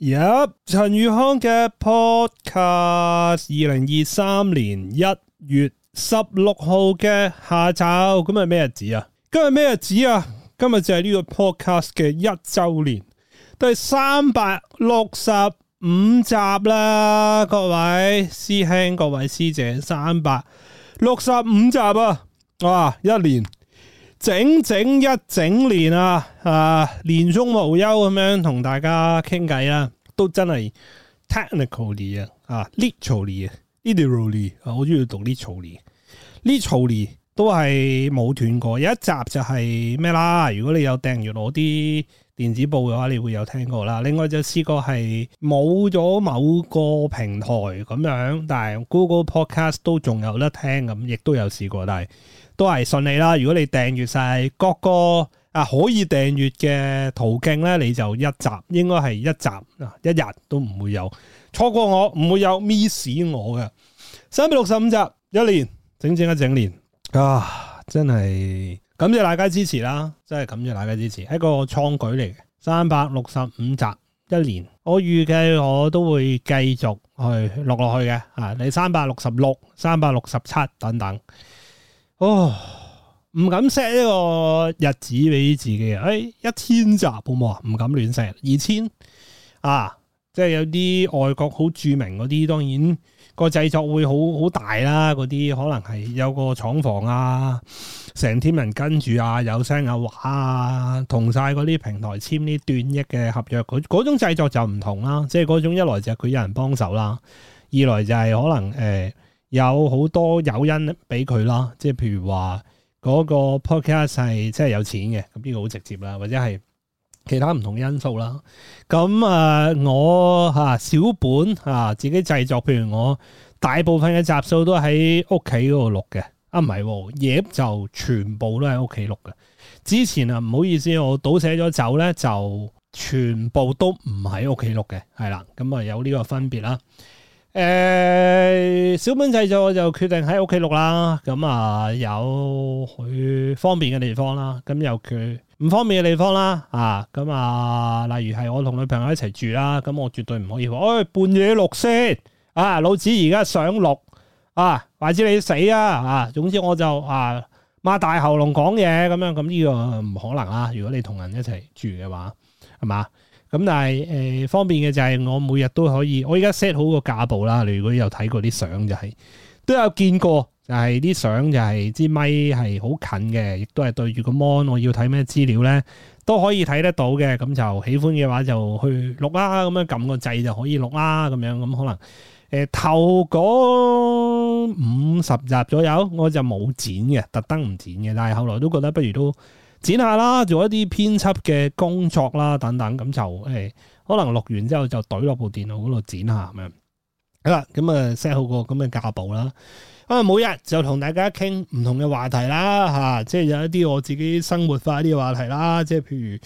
有陳宇康嘅 podcast，二零二三年一月十六號嘅下晝，咁係咩日子啊？今日咩日子啊？今日就係呢個 podcast 嘅一周年，第三百六十五集啦，各位師兄、各位師姐，三百六十五集啊，哇！一年。整整一整年啊，啊，年中無休咁樣同大家傾偈啦，都真係 technically 啊，啊，literally 啊，literally，我中意讀 literally，literally 都係冇斷過，有一集就係咩啦，如果你有訂閱我啲電子報嘅話，你會有聽過啦。另外就試過係冇咗某個平台咁樣，但係 Google Podcast 都仲有得聽咁，亦都有試過，但係都係順利啦。如果你訂閱晒各個啊可以訂閱嘅途徑咧，你就一集應該係一集啊，一日都唔會有錯過我，唔會有 miss 我嘅三百六十五集，一年整整一整年啊，真係～感謝大家支持啦，真係感謝大家支持，係一個創舉嚟嘅，三百六十五集一年，我預計我都會繼續去錄落去嘅，啊，你三百六十六、三百六十七等等，哦，唔敢 set 呢個日子俾自己啊，誒，一千集好冇啊，唔敢亂 set，二千啊。即係有啲外國好著名嗰啲，當然個製作會好好大啦。嗰啲可能係有個廠房啊，成 team 人跟住啊，有聲有畫啊，同晒嗰啲平台簽啲段益嘅合約。嗰種製作就唔同啦。即係嗰種一來就係佢有人幫手啦，二來就係可能、呃、有好多誘因俾佢啦。即係譬如話嗰個 podcast 係真係有錢嘅，咁呢個好直接啦，或者係。其他唔同因素啦，咁啊，我吓小本啊，自己製作，譬如我大部分嘅集數都喺屋企度錄嘅，啊，唔係，嘢就全部都喺屋企錄嘅。之前啊，唔好意思，我倒寫咗走咧，就全部都唔喺屋企錄嘅，係啦，咁啊有呢個分別啦。誒、欸，小本製作我就決定喺屋企錄啦，咁啊有佢方便嘅地方啦，咁有佢。唔方便嘅地方啦，啊咁啊，例如係我同女朋友一齊住啦，咁我絕對唔可以話，哎半夜錄先，啊老子而家想錄，啊或者你死啊，啊總之我就啊擘大喉嚨講嘢咁樣，咁呢個唔可能啦。如果你同人一齊住嘅話，係嘛？咁但係誒、呃、方便嘅就係我每日都可以，我而家 set 好個架步啦。你如果有睇過啲相就係、是、都有見過。但係啲相、就係，就係支咪係好近嘅，亦都係對住個 mon，我要睇咩資料呢都可以睇得到嘅。咁就喜歡嘅話，就去錄啦，咁樣撳個掣就可以錄啦，咁樣咁可能、欸、頭嗰五十集左右，我就冇剪嘅，特登唔剪嘅。但係後來都覺得不如都剪下啦，做一啲編輯嘅工作啦，等等咁就、欸、可能錄完之後就懟落部電腦嗰度剪下咁樣。嗯、好啦，咁啊 set 好個咁嘅架步啦，啊每日就同大家傾唔同嘅話題啦，吓即係有一啲我自己生活化啲話題啦、啊，即係譬如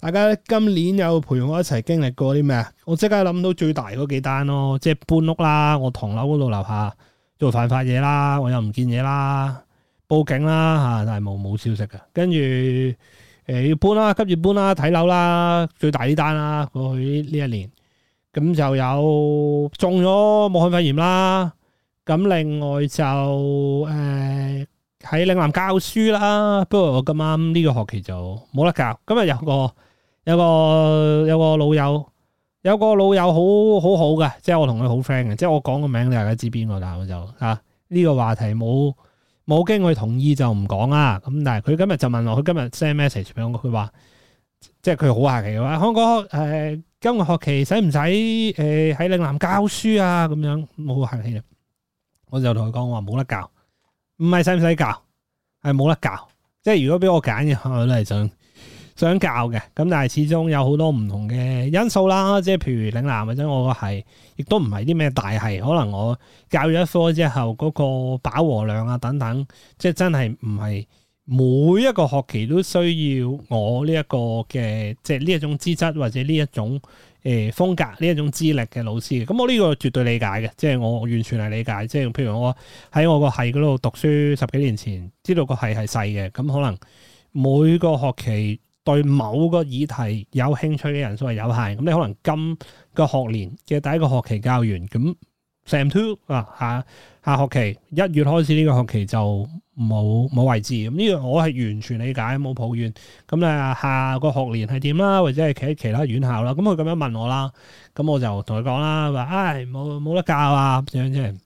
大家今年有陪我一齊經歷過啲咩啊？我即刻諗到最大嗰幾單咯、啊，即係搬屋啦，我唐樓嗰度樓下做犯法嘢啦，我又唔見嘢啦，報警啦吓、啊，但係冇冇消息嘅，跟住誒、呃、要搬啦，急住搬啦，睇樓啦，最大呢單啦，過去呢一年。咁就有中咗武漢肺炎啦，咁另外就誒喺嶺南教書啦，不過我咁啱呢個學期就冇得教。今日有個有個有個老友，有個老友好好好嘅，即係我同佢好 friend 嘅，即係我講個名字，你大家知邊個啦？我就吓呢、啊這個話題冇冇經佢同意就唔講啦。咁但係佢今日就問我，佢今日 send message 俾我，佢話即係佢好客氣嘅話，康哥誒。香港呃今個學期使唔使誒喺嶺南教書啊？咁樣冇客氣啦，我就同佢講：我話冇得教，唔係使唔使教，係冇得教。即係如果俾我揀嘅，我都係想想教嘅。咁但係始終有好多唔同嘅因素啦，即係譬如嶺南或者我個系，亦都唔係啲咩大系。可能我教咗一科之後，嗰個飽和量啊等等，即係真係唔係。每一個學期都需要我呢一個嘅，即係呢一種資質或者呢一種誒、呃、風格、呢一種資歷嘅老師。咁我呢個絕對理解嘅，即係我完全係理解。即係譬如我喺我個系嗰度讀書十幾年前，知道個系係細嘅，咁可能每個學期對某個議題有興趣嘅人數係有限。咁你可能今個學年嘅第一個學期教完，咁 sem two 啊下。啊下學期一月開始，呢個學期就冇冇位置。咁呢個我係完全理解，冇抱怨。咁咧下個學年係點啦，或者係喺其他院校啦。咁佢咁樣問我啦，咁我就同佢講啦，話唉，冇冇得教啊。咁樣即係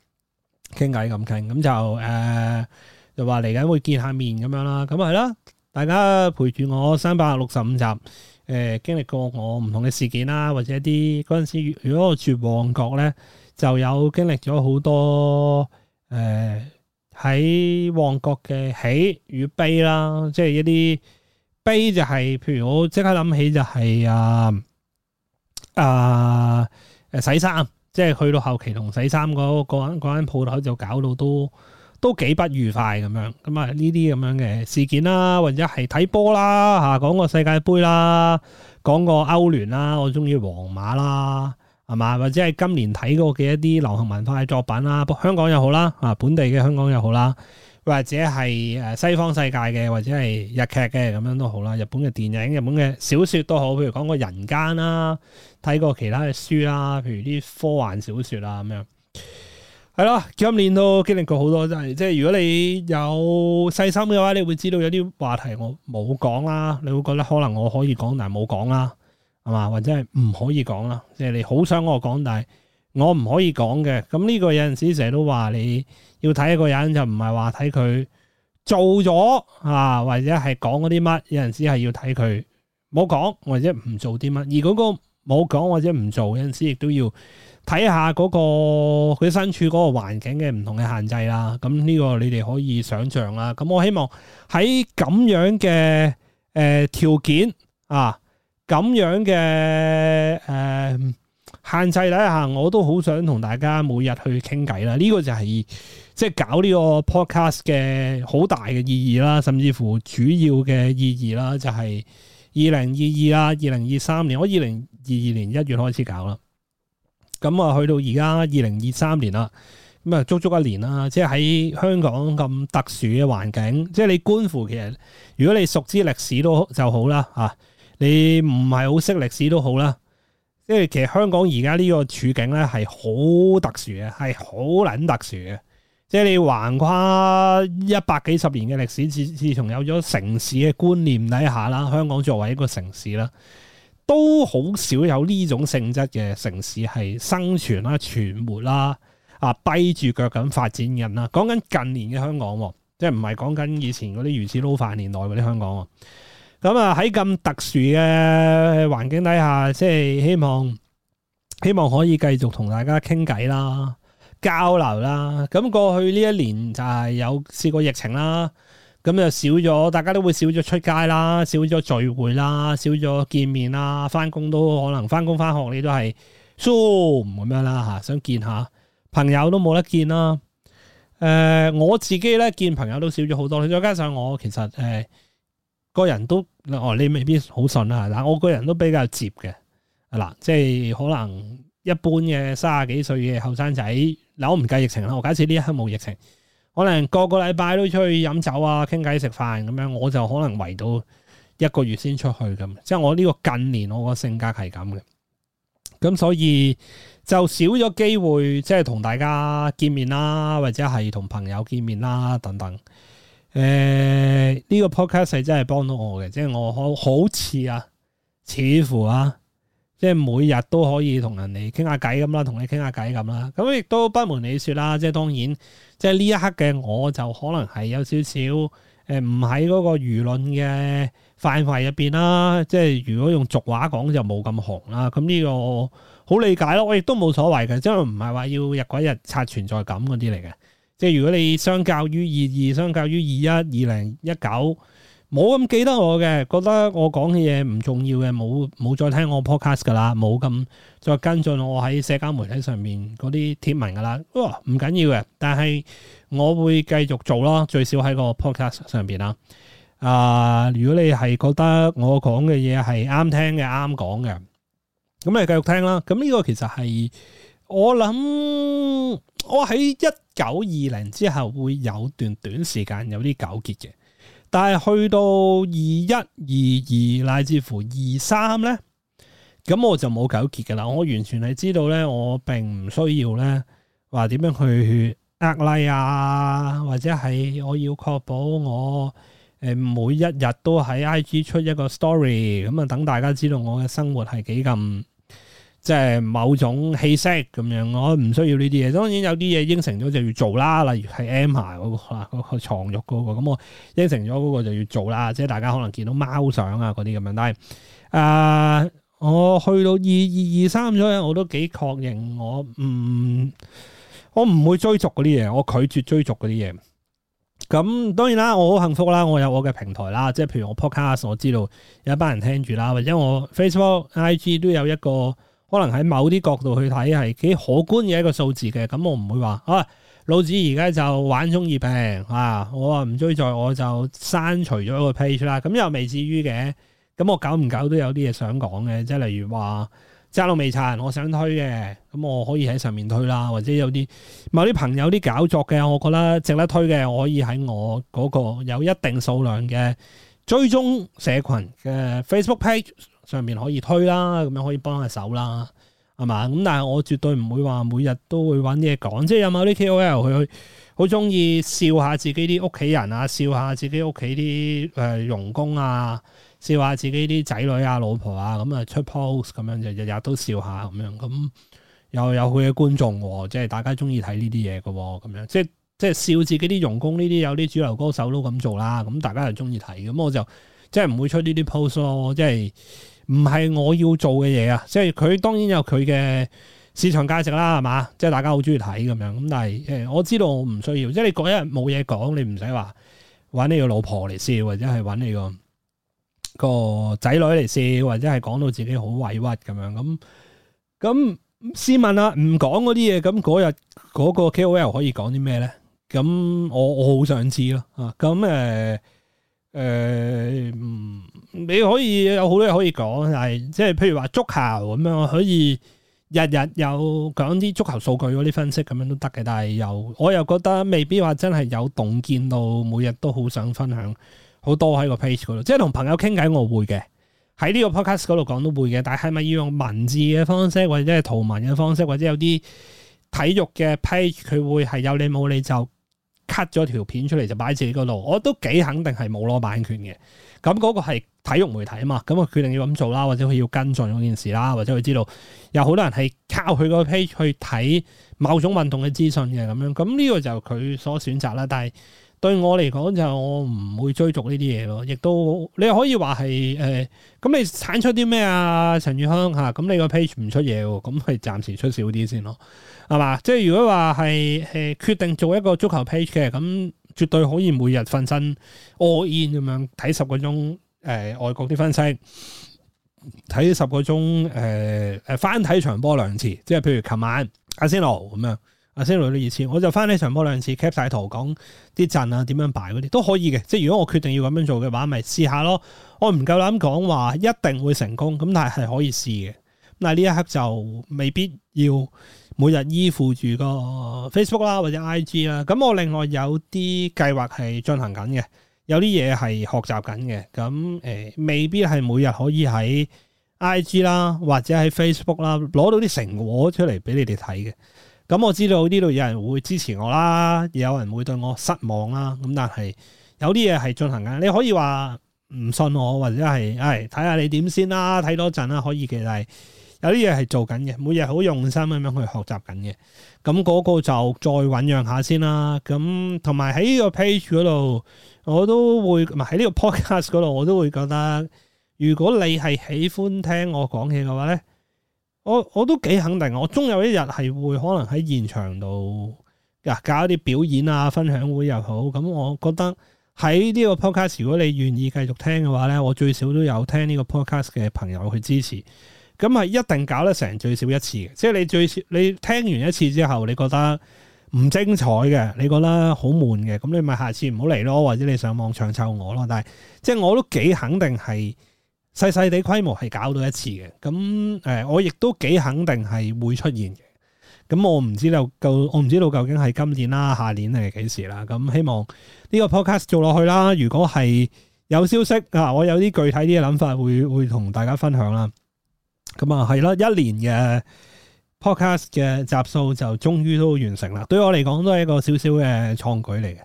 傾偈咁傾，咁就誒、呃、就話嚟緊會見下面咁樣啦。咁係啦，大家陪住我三百六十五集誒、呃、經歷過我唔同嘅事件啦，或者啲嗰陣時如果我住旺角咧。就有經歷咗好多誒喺、呃、旺角嘅喜與悲啦，即係一啲悲就係、是，譬如我即刻諗起就係、是、啊啊誒洗衫，即係去到後期同洗衫嗰嗰間鋪頭就搞到都都幾不愉快咁樣，咁啊呢啲咁樣嘅事件啦，或者係睇波啦吓，講個世界盃啦，講個歐聯啦，我中意皇馬啦。係嘛？或者係今年睇過嘅一啲流行文化嘅作品啦，香港又好啦，啊本地嘅香港又好啦，或者係誒西方世界嘅，或者係日劇嘅，咁樣都好啦。日本嘅電影、日本嘅小說都好，譬如講個人間啦，睇過其他嘅書啦，譬如啲科幻小說啦咁樣。係咯，今年都經歷過好多，真係。即係如果你有細心嘅話，你會知道有啲話題我冇講啦，你會覺得可能我可以講但係冇講啦。係嘛，或者係唔可以講啦。即係你好想我講，但係我唔可以講嘅。咁呢個有陣時成日都話你要睇一個人就唔係話睇佢做咗啊，或者係講嗰啲乜。有陣時係要睇佢冇講或者唔做啲乜。而嗰個冇講或者唔做，有陣時亦都要睇下嗰個佢身處嗰個環境嘅唔同嘅限制啦。咁呢個你哋可以想象啦。咁我希望喺咁樣嘅誒條件啊。咁樣嘅誒、呃、限制底下，我都好想同大家每日去傾偈啦。呢、呢個就係即係搞呢個 podcast 嘅好大嘅意義啦，甚至乎主要嘅意義啦，就係二零二二啦，二零二三年。我二零二二年一月開始搞啦，咁啊去到而家二零二三年啦，咁啊足足一年啦。即係喺香港咁特殊嘅環境，即、就、係、是、你觀乎其實，如果你熟知歷史都就好啦，吓。你唔係好識歷史都好啦，即係其實香港而家呢個處境咧，係好特殊嘅，係好捻特殊嘅。即係你橫跨一百幾十年嘅歷史，自自從有咗城市嘅觀念底下啦，香港作為一個城市啦，都好少有呢種性質嘅城市係生存啦、存活啦、啊跛住腳咁發展人啦。講緊近年嘅香港，即係唔係講緊以前嗰啲如此撈飯年代嗰啲香港。咁啊！喺咁特殊嘅環境底下，即係希望希望可以繼續同大家傾偈啦、交流啦。咁過去呢一年就係有試過疫情啦，咁就少咗，大家都會少咗出街啦、少咗聚會啦、少咗見面啦。翻工都可能翻工翻學，你都係 zoom 咁樣啦吓，想見下朋友都冇得見啦。誒、呃，我自己咧見朋友都少咗好多，再加上我其實誒、呃、個人都～哦，你未必好信啦，嗱，我個人都比較接嘅，即係可能一般嘅三十幾歲嘅後生仔，嗱，我唔計疫情啦，我假設呢一刻冇疫情，可能個個禮拜都出去飲酒啊、傾偈食飯咁樣，我就可能圍到一個月先出去咁，即係我呢個近年我個性格係咁嘅，咁所以就少咗機會，即係同大家見面啦，或者係同朋友見面啦等等。誒，呢個 podcast 真係幫到我嘅，即係我好好似啊，似乎啊，即係每日都可以同人哋傾下偈咁啦，同你傾下偈咁啦，咁亦都不瞞你說啦，即係當然，即係呢一刻嘅我就可能係有少少誒，唔喺嗰個輿論嘅範圍入邊啦，即係如果用俗話講就冇咁紅啦，咁呢個好理解咯，我亦都冇所謂嘅，即係唔係話要日鬼日刷存在感嗰啲嚟嘅。即係如果你相較於二二，相較於二一、二零一九，冇咁記得我嘅，覺得我講嘅嘢唔重要嘅，冇冇再聽我 podcast 噶啦，冇咁再跟進我喺社交媒體上面嗰啲貼文噶啦。哇、哦，唔緊要嘅，但係我會繼續做咯，最少喺個 podcast 上邊啦。啊、呃，如果你係覺得我講嘅嘢係啱聽嘅、啱講嘅，咁你繼續聽啦。咁呢個其實係。我諗我喺一九二零之後會有段短時間有啲糾結嘅，但係去到二一二二、乃至乎二三咧，咁我就冇糾結㗎啦。我完全係知道咧，我並唔需要咧話點樣去呃 like 啊，或者係我要確保我誒每一日都喺 IG 出一個 story，咁啊等大家知道我嘅生活係幾咁。即係某種氣息咁樣，我唔需要呢啲嘢。當然有啲嘢應承咗就要做啦，例如係 Emma 嗰個床褥嗰個，咁、嗰個嗰個、我應承咗嗰個就要做啦。即係大家可能見到貓相啊嗰啲咁樣，但係啊、呃，我去到二二二三咗，我都幾確認我唔、嗯、我唔會追逐嗰啲嘢，我拒絕追逐嗰啲嘢。咁當然啦，我好幸福啦，我有我嘅平台啦，即係譬如我 podcast 我知道有一班人聽住啦，或者我 Facebook、IG 都有一個。可能喺某啲角度去睇，係幾可觀嘅一個數字嘅，咁我唔會話啊，老子而家就玩中二病啊，我話唔追在，我就刪除咗個 page 啦。咁又未至於嘅，咁我久唔久都有啲嘢想講嘅，即係例如話扎路未殘，我想推嘅，咁我可以喺上面推啦，或者有啲某啲朋友啲搞作嘅，我覺得值得推嘅，我可以喺我嗰個有一定數量嘅追蹤社群嘅 Facebook page。上面可以推啦，咁樣可以幫下手啦，係嘛？咁但係我絕對唔會話每日都會搵嘢講，即係有冇啲 KOL 佢好中意笑下自己啲屋企人啊，笑下自己屋企啲誒傭工啊，笑下自己啲仔女啊、老婆啊，咁啊出 post 咁樣，日日都笑下咁樣，咁又有佢嘅觀眾，即係大家中意睇呢啲嘢嘅咁樣，即係即係笑自己啲傭工呢啲，有啲主流歌手都咁做啦，咁大家又中意睇，咁我就即係唔會出呢啲 post 咯，即係。唔係我要做嘅嘢啊！即係佢當然有佢嘅市場價值啦，係嘛？即係大家好中意睇咁樣咁，但係誒，我知道我唔需要。即係你嗰一日冇嘢講，你唔使話揾你個老婆嚟笑，或者係揾你個個仔女嚟笑，或者係講到自己好委屈咁樣咁。咁試問啦，啊，唔講嗰啲嘢，咁嗰日嗰個 KOL 可以講啲咩咧？咁我我好想知咯啊！咁誒。呃誒、呃，你可以有好多嘢可以講，係即係譬如話足球咁樣，我可以日日有講啲足球數據嗰啲分析咁樣都得嘅。但係又我又覺得未必話真係有洞見到，每日都好想分享好多喺個 page 嗰度。即係同朋友傾偈我會嘅，喺呢個 podcast 嗰度講都會嘅。但係係咪要用文字嘅方式，或者係圖文嘅方式，或者有啲體育嘅 page，佢會係有你冇你就 cut 咗條片出嚟就擺自己嗰度，我都幾肯定係冇攞版權嘅。咁嗰個係體育媒體啊嘛，咁我決定要咁做啦，或者佢要跟進嗰件事啦，或者佢知道有好多人係靠佢個 page 去睇某種運動嘅資訊嘅咁樣。咁呢個就係佢所選擇啦，但係。對我嚟講就我唔會追逐呢啲嘢咯，亦都你可以話係誒，咁、呃、你產出啲咩啊？陳宇香嚇，咁、啊、你個 page 唔出嘢喎，咁係暫時出少啲先咯，係嘛？即係如果話係誒決定做一個足球 page 嘅，咁絕對可以每日瞓身 all in 咁樣睇十個鐘誒、呃、外國啲分析，睇十個鐘誒誒翻睇場波兩次，即係譬如琴晚阿仙奴咁樣。阿先羅你二思，我就翻呢場波兩次，cap 晒圖講啲陣啊，點樣擺嗰啲都可以嘅。即係如果我決定要咁樣做嘅話，咪試下咯。我唔夠膽講話一定會成功，咁但係係可以試嘅。咁但係呢一刻就未必要每日依附住個 Facebook 啦或者 IG 啦。咁我另外有啲計劃係進行緊嘅，有啲嘢係學習緊嘅。咁誒、呃，未必係每日可以喺 IG 啦或者喺 Facebook 啦攞到啲成果出嚟俾你哋睇嘅。咁我知道呢度有人會支持我啦，有人會對我失望啦。咁但係有啲嘢係進行緊，你可以話唔信我或者係，誒睇下你點先啦，睇多陣啦，可以其實但係有啲嘢係做緊嘅，每日好用心咁樣去學習緊嘅。咁、那、嗰個就再醞釀下先啦。咁同埋喺呢個 page 嗰度，我都會，唔係喺呢個 podcast 嗰度，我都會覺得，如果你係喜歡聽我講嘢嘅話咧。我我都幾肯定，我終有一日係會可能喺現場度，嗱搞一啲表演啊、分享會又好，咁我覺得喺呢個 podcast，如果你願意繼續聽嘅話咧，我最少都有聽呢個 podcast 嘅朋友去支持，咁係一定搞得成最少一次嘅，即係你最少你聽完一次之後，你覺得唔精彩嘅，你覺得好悶嘅，咁你咪下次唔好嚟咯，或者你上網唱衰我咯，但係即係我都幾肯定係。細細地規模係搞到一次嘅，咁誒、呃，我亦都幾肯定係會出現嘅。咁我唔知道，我唔知道究竟係今年啦，下年定係幾時啦。咁希望呢個 podcast 做落去啦。如果係有消息啊，我有啲具體啲嘅諗法會，會會同大家分享啦。咁啊，係啦，一年嘅 podcast 嘅集數就終於都完成啦。對我嚟講都係一個少少嘅創舉嚟嘅。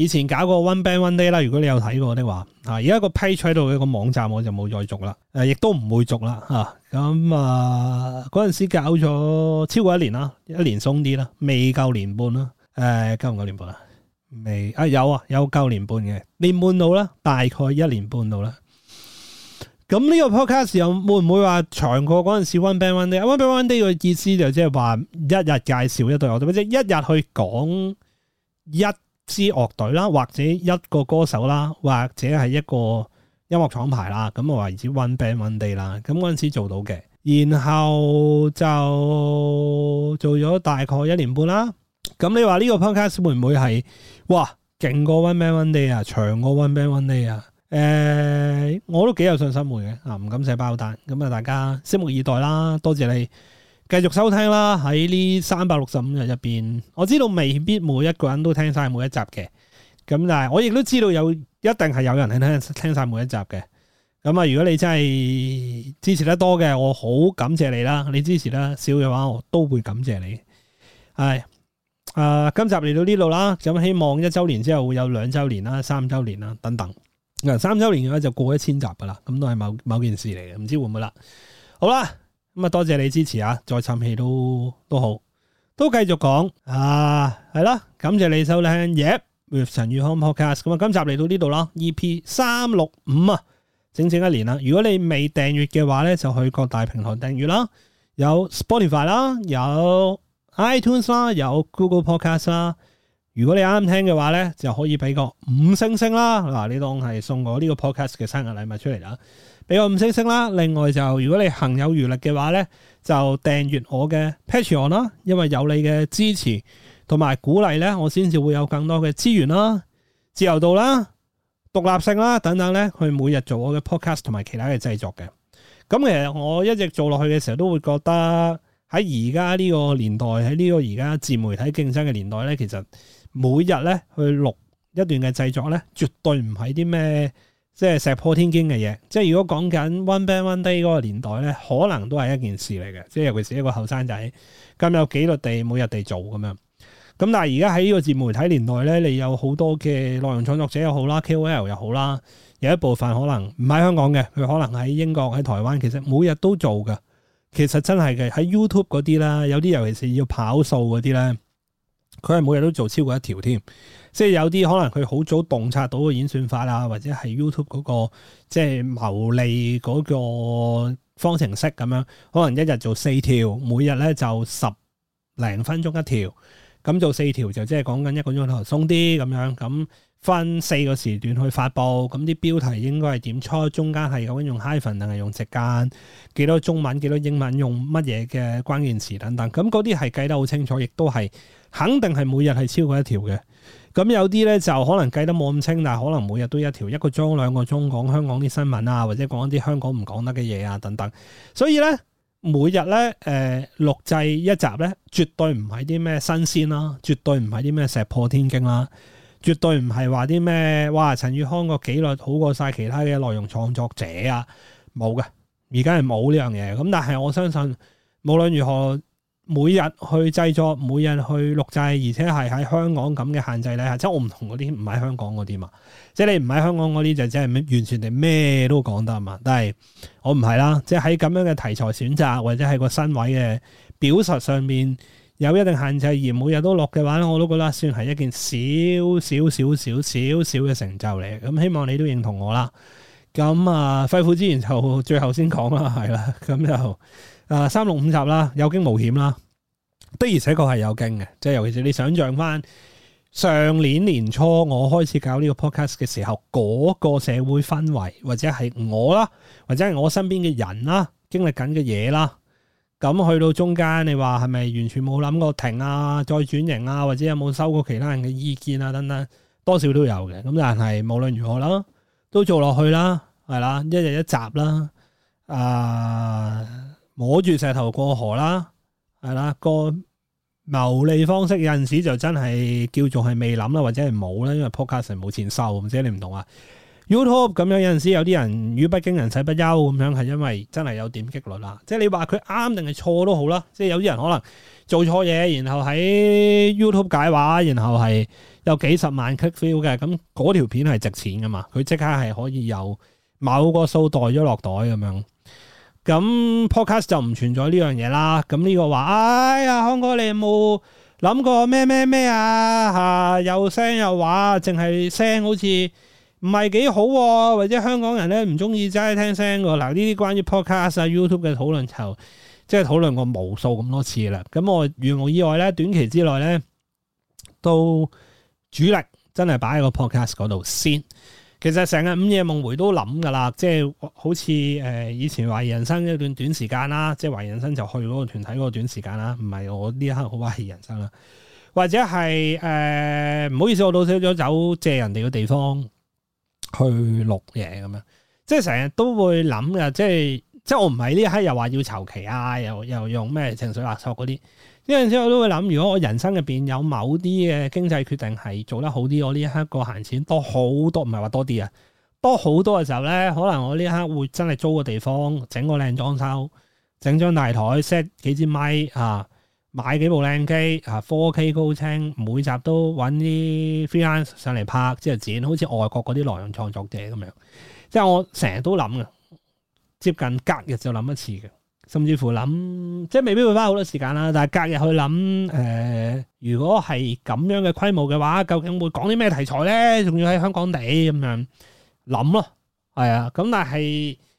以前搞過 One Band One Day 啦，如果你有睇過的話，啊，而家個 page 喺度嘅個網站我就冇再續啦，亦都唔會續啦，咁啊。嗰陣時搞咗超過一年啦，一年鬆啲啦，未夠年半啦，誒夠唔夠年半啦？未啊，有啊，有夠年半嘅年半到啦，大概一年半到啦。咁呢個 podcast 又會唔會話長過嗰陣時 One Band One Day？One Band One Day 嘅意思就即係話一日介紹一對我哋即一日去講一，一支樂隊啦，或者一個歌手啦，或者係一個音樂廠牌啦，咁啊或者 One Band One Day 啦，咁嗰陣時做到嘅，然後就做咗大概一年半啦。咁你話呢個 Podcast 會唔會係哇勁過 One Band One Day 啊，長過 One Band One Day 啊？誒、欸，我都幾有信心會嘅，啊唔敢寫包單，咁啊大家拭目以待啦。多謝你。繼續收聽啦，喺呢三百六十五日入邊，我知道未必每一個人都聽晒每一集嘅，咁但係我亦都知道有一定係有人聽聽晒每一集嘅。咁啊，如果你真係支持得多嘅，我好感謝你啦。你支持得少嘅話，我都會感謝你。係啊，呃，今集嚟到呢度啦，咁希望一周年之後會有兩周年啦，三周年啦等等。嗱，三周年嘅話就過一千集噶啦，咁都係某某件事嚟嘅，唔知會唔會啦。好啦。咁啊，多謝你支持啊！再沉氣都都好，都繼續講啊，係啦，感謝你收聽 Yap With 陳宇康 podcast。咁啊，今集嚟到呢度啦，EP 三六五啊，整整一年啦。如果你未訂閱嘅話咧，就去各大平台訂閱啦，有 Spotify 啦，有 iTunes 啦，有 Google Podcast 啦。如果你啱聽嘅話咧，就可以俾個五星星啦。嗱，你當係送我呢個 podcast 嘅生日禮物出嚟啦。俾個五星星啦！另外就如果你行有餘力嘅話咧，就訂閱我嘅 Patreon 啦，因為有你嘅支持同埋鼓勵咧，我先至會有更多嘅資源啦、自由度啦、獨立性啦等等咧，去每日做我嘅 podcast 同埋其他嘅製作嘅。咁其實我一直做落去嘅時候，都會覺得喺而家呢個年代，喺呢個而家自媒體競爭嘅年代咧，其實每日咧去錄一段嘅製作咧，絕對唔係啲咩。即係石破天驚嘅嘢，即係如果講緊 One Band One Day 嗰個年代咧，可能都係一件事嚟嘅。即係尤其是一個後生仔咁有紀律地每日地做咁樣。咁但係而家喺呢個自媒體年代咧，你有好多嘅內容創作者又好啦，KOL 又好啦，有一部分可能唔喺香港嘅，佢可能喺英國、喺台灣，其實每日都做㗎。其實真係嘅喺 YouTube 嗰啲啦，有啲尤其是要跑數嗰啲咧，佢係每日都做超過一條添。即係有啲可能佢好早洞察到個演算法啊，或者係 YouTube 嗰個即係牟利嗰個方程式咁樣，可能一日做四條，每日咧就十零分鐘一條，咁做四條就即係講緊一個鐘頭鬆啲咁樣，咁分四個時段去發布，咁啲標題應該係點初，中間係咁用 hyphen 定係用直間，幾多中文幾多英文，用乜嘢嘅關鍵詞等等，咁嗰啲係計得好清楚，亦都係肯定係每日係超過一條嘅。咁有啲咧就可能計得冇咁清，但係可能每日都一條一個鐘兩個鐘講香港啲新聞啊，或者講一啲香港唔講得嘅嘢啊等等。所以咧每日咧誒錄製一集咧，絕對唔係啲咩新鮮啦，絕對唔係啲咩石破天驚啦，絕對唔係話啲咩哇陳宇康個紀律好過晒其他嘅內容創作者啊，冇嘅，而家係冇呢樣嘢。咁但係我相信無論如何。每日去製作，每日去錄製，而且係喺香港咁嘅限制底下，即係我唔同嗰啲唔喺香港嗰啲嘛。即係你唔喺香港嗰啲，就真係完全哋咩都講得嘛。但係我唔係啦，即係喺咁樣嘅題材選擇，或者係個身位嘅表述上面有一定限制，而每日都錄嘅話咧，我都覺得算係一件少少少少少少嘅成就嚟。咁、嗯、希望你都認同我啦。咁、嗯、啊，肺腑之言就最後先講啦，係啦，咁就。啊、三六五集啦，有驚無險啦。的而且確係有驚嘅，即、就、係、是、尤其是你想象翻上年年初我開始搞呢個 podcast 嘅時候，嗰、那個社會氛圍或者係我啦，或者係我身邊嘅人啦，經歷緊嘅嘢啦。咁去到中間，你話係咪完全冇諗過停啊？再轉型啊？或者有冇收過其他人嘅意見啊？等等，多少都有嘅。咁但係無論如何啦，都做落去啦，係啦，一日一集啦，啊摸住石頭過河啦，係啦、個牟利方式有陣時就真係叫做係未諗啦，或者係冇啦，因為 podcast 冇錢收，唔知你唔同啊。YouTube 咁樣有陣時有啲人語不驚人死不休咁樣，係因為真係有點擊率啦。即係你話佢啱定係錯都好啦。即係有啲人可能做錯嘢，然後喺 YouTube 解話，然後係有幾十萬 click feel 嘅，咁嗰條片係值錢噶嘛，佢即刻係可以有某個數袋咗落袋咁樣。咁 podcast 就唔存在呢樣嘢啦。咁呢個話，哎呀，康哥你有冇諗過咩咩咩啊？吓、啊，又聲又話，淨係聲好似唔係幾好，啊，或者香港人咧唔中意齋聽聲個。嗱，呢啲關於 podcast 啊、YouTube 嘅討論就即係討論過無數咁多次啦。咁我如無意外咧，短期之內咧都主力真係擺喺個 podcast 嗰度先。其實成日午夜夢回都諗噶啦，即係好似誒以前懷疑人生一段短時間啦，即係懷疑人生就去嗰個團體嗰個短時間啦，唔係我呢一刻好懷疑人生啦，或者係誒，唔好意思，我老少咗走借人哋嘅地方去錄嘢咁樣，即係成日都會諗噶，即係即係我唔係呢一刻又話要籌期啊，又又用咩情緒勒索嗰啲。呢陣時我都會諗，如果我人生入邊有某啲嘅經濟決定係做得好啲，我呢一刻個閒錢多好多，唔係話多啲啊，多好多嘅時候咧，可能我呢刻會真係租個地方，整個靚裝修，整張大台 set 幾支咪，啊，買幾部靚機啊，4K 高清，每集都搵啲 freelance 上嚟拍，之後剪，好似外國嗰啲內容創作者咁樣，即係我成日都諗嘅，接近隔日就諗一次嘅。甚至乎諗，即係未必會花好多時間啦。但係隔日去諗，誒、呃，如果係咁樣嘅規模嘅話，究竟會講啲咩題材咧？仲要喺香港地咁樣諗咯，係啊。咁但係，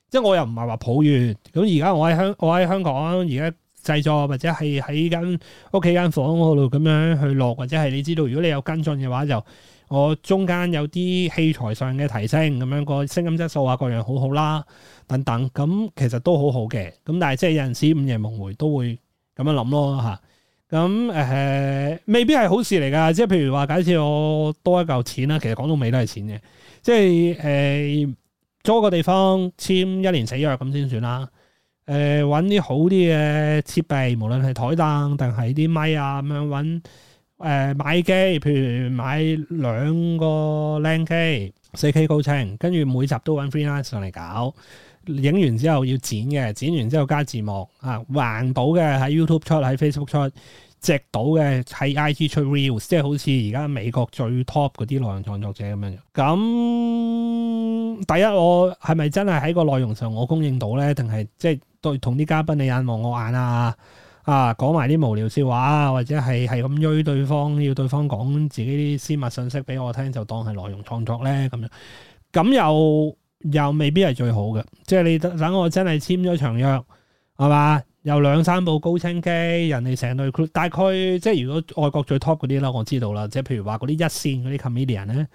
即係我又唔係話抱怨。咁而家我喺香，我喺香港而家製作，或者係喺間屋企間房嗰度咁樣去落，或者係你知道，如果你有跟進嘅話就。我中間有啲器材上嘅提升咁樣，個聲音質素啊，各樣好好啦，等等，咁其實都好好嘅。咁但係即係有陣時午夜夢回都會咁樣諗咯嚇。咁、嗯呃、未必係好事嚟㗎。即係譬如話，假設我多一嚿錢啦，其實講到尾都係錢嘅。即係誒租個地方簽一年死約咁先算啦。搵、呃、啲好啲嘅設備，無論係台凳定係啲咪啊咁樣搵。誒、呃、買機，譬如買兩個靚機，四 K 高清，跟住每集都揾 freelance 上嚟搞，影完之後要剪嘅，剪完之後加字幕啊，橫到嘅喺 YouTube 出，喺 Facebook 出，直到嘅喺 IG 出 reels，即係好似而家美國最 top 嗰啲內容創作者咁樣。咁、嗯、第一，我係咪真係喺個內容上我供應到呢？定係即係對同啲嘉賓你眼望我眼啊？啊，講埋啲無聊笑話啊，或者係咁詆對方，要對方講自己啲私密信息俾我聽，就當係內容創作咧咁樣。咁又又未必係最好嘅，即係你等我真係簽咗長約，係嘛？有兩三部高清機，人哋成隊 crew，大概即係如果外國最 top 嗰啲啦，我知道啦，即係譬如話嗰啲一線嗰啲 comedian 咧，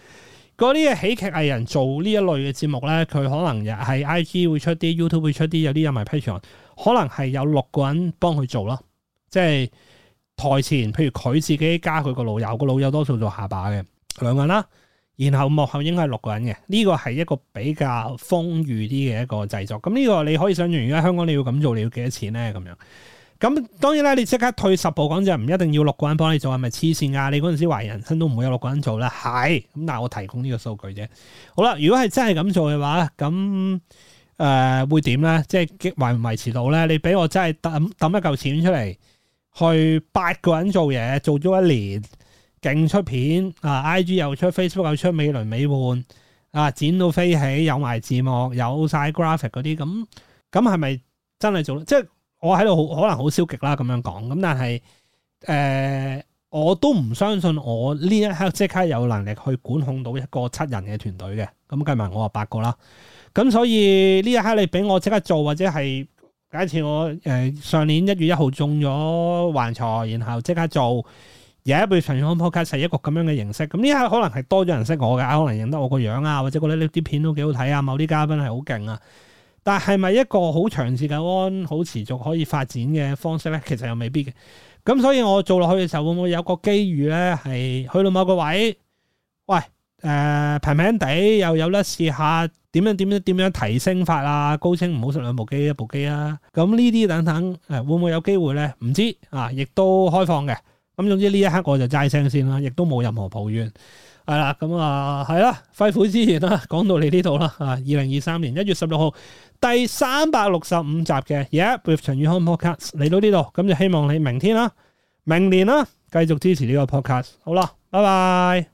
嗰啲嘅喜劇藝人做呢一類嘅節目咧，佢可能又係 IG 會出啲 YouTube 會出啲，有啲有埋 Patreon，可能係有六個人幫佢做咯。即係台前，譬如佢自己加佢個老友，個老友多數做下把嘅兩個人啦。然後幕後應該係六個人嘅，呢個係一個比較豐裕啲嘅一個製作。咁、嗯、呢、這個你可以想象，而家香港你要咁做，你要幾多錢咧？咁樣咁、嗯、當然啦，你即刻退十步講就唔一定要六個人幫你做，係咪黐線啊？你嗰陣時懷疑人生都唔會有六個人做啦，係咁。但我提供呢個數據啫。好啦，如果係真係咁做嘅話，咁誒、呃、會點咧？即係維唔維持到咧？你俾我真係抌抌一嚿錢出嚟？去八個人做嘢，做咗一年，勁出片啊！IG 又出，Facebook 又出，美輪美奐啊！剪到飛起，有埋字幕，有晒 graphic 嗰啲，咁咁係咪真係做？即係我喺度好可能好消極啦，咁樣講，咁但係誒、呃，我都唔相信我呢一刻即刻有能力去管控到一個七人嘅團隊嘅，咁計埋我啊八個啦。咁所以呢一刻你俾我即刻做或者係？假設我誒、呃、上年一月一號中咗幻財，然後即刻做廿一倍長遠安 Podcast，係一個咁樣嘅形式。咁呢下可能係多咗人識我嘅，可能認得我個樣啊，或者覺得呢啲片都幾好睇啊，某啲嘉賓係好勁啊。但係咪一個好長時間、好持續可以發展嘅方式咧？其實又未必嘅。咁所以我做落去嘅時候，會唔會有個機遇咧？係去到某個位，喂？誒、呃，平平地又有得試下點樣點樣點樣提升法啊？高清唔好兩部機一部機啊！咁呢啲等等誒、呃，會唔會有機會咧？唔知啊，亦都開放嘅。咁、嗯、總之呢一刻我就齋聲先啦，亦都冇任何抱怨係、啊啊啊、啦。咁啊，係啦，揮霍之前啦，講到你呢度啦。二零二三年一月十六號第三百六十五集嘅 Yeah with 陳宇康 Podcast 嚟到呢度，咁就希望你明天啦、明年啦繼續支持呢個 Podcast。好啦，拜拜。